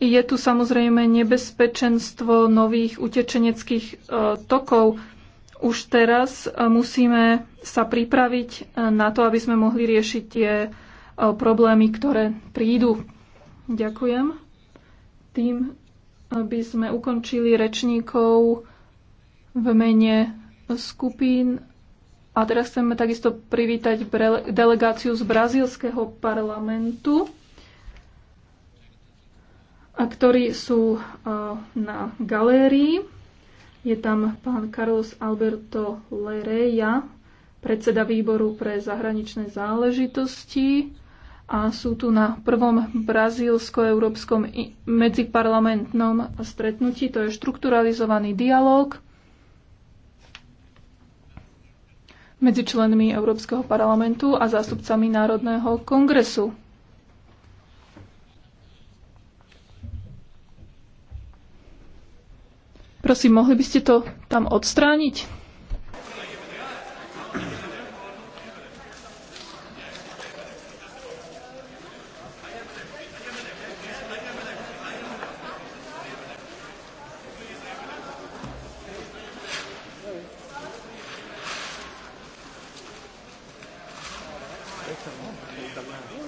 Je tu samozrejme nebezpečenstvo nových utečeneckých e, tokov. Už teraz e, musíme sa pripraviť e, na to, aby sme mohli riešiť tie problémy, ktoré prídu. Ďakujem. Tým by sme ukončili rečníkov v mene skupín. A teraz chceme takisto privítať delegáciu z brazílskeho parlamentu a ktorí sú e, na galérii. Je tam pán Carlos Alberto Lereja, predseda výboru pre zahraničné záležitosti a sú tu na prvom brazílsko-európskom medziparlamentnom stretnutí. To je štrukturalizovaný dialog medzi členmi Európskeho parlamentu a zástupcami Národného kongresu. Prosím, mohli by ste to tam odstrániť? Thank you.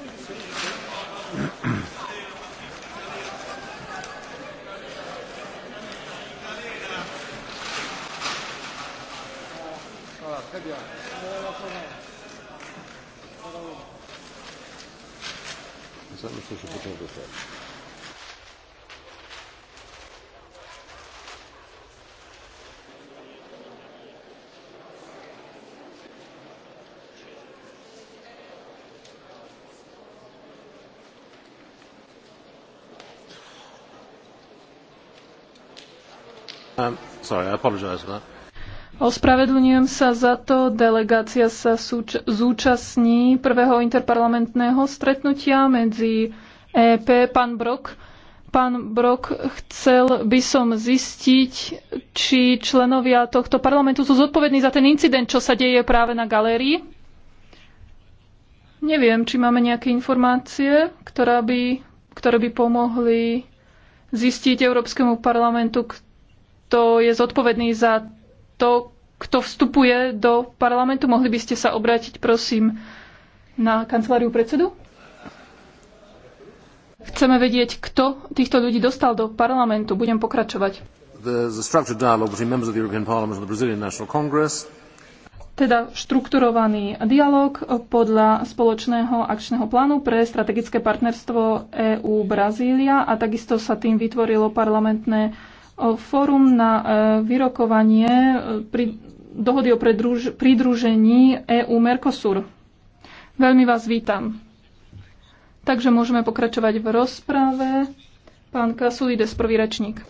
Um, sorry, I apologize for that. Ospravedlňujem sa za to. Delegácia sa zúčastní prvého interparlamentného stretnutia medzi EP. Pán Brok, pán Brok, chcel by som zistiť, či členovia tohto parlamentu sú zodpovední za ten incident, čo sa deje práve na galérii. Neviem, či máme nejaké informácie, ktorá by, ktoré by pomohli zistiť Európskemu parlamentu, kto je zodpovedný za to, kto vstupuje do parlamentu. Mohli by ste sa obrátiť, prosím, na kanceláriu predsedu? Chceme vedieť, kto týchto ľudí dostal do parlamentu. Budem pokračovať. teda štrukturovaný dialog podľa spoločného akčného plánu pre strategické partnerstvo eu brazília a takisto sa tým vytvorilo parlamentné fórum na e, vyrokovanie e, pri dohody o pridružení EU-Mercosur. Veľmi vás vítam. Takže môžeme pokračovať v rozprave. Pán Kasulides, prvý rečník.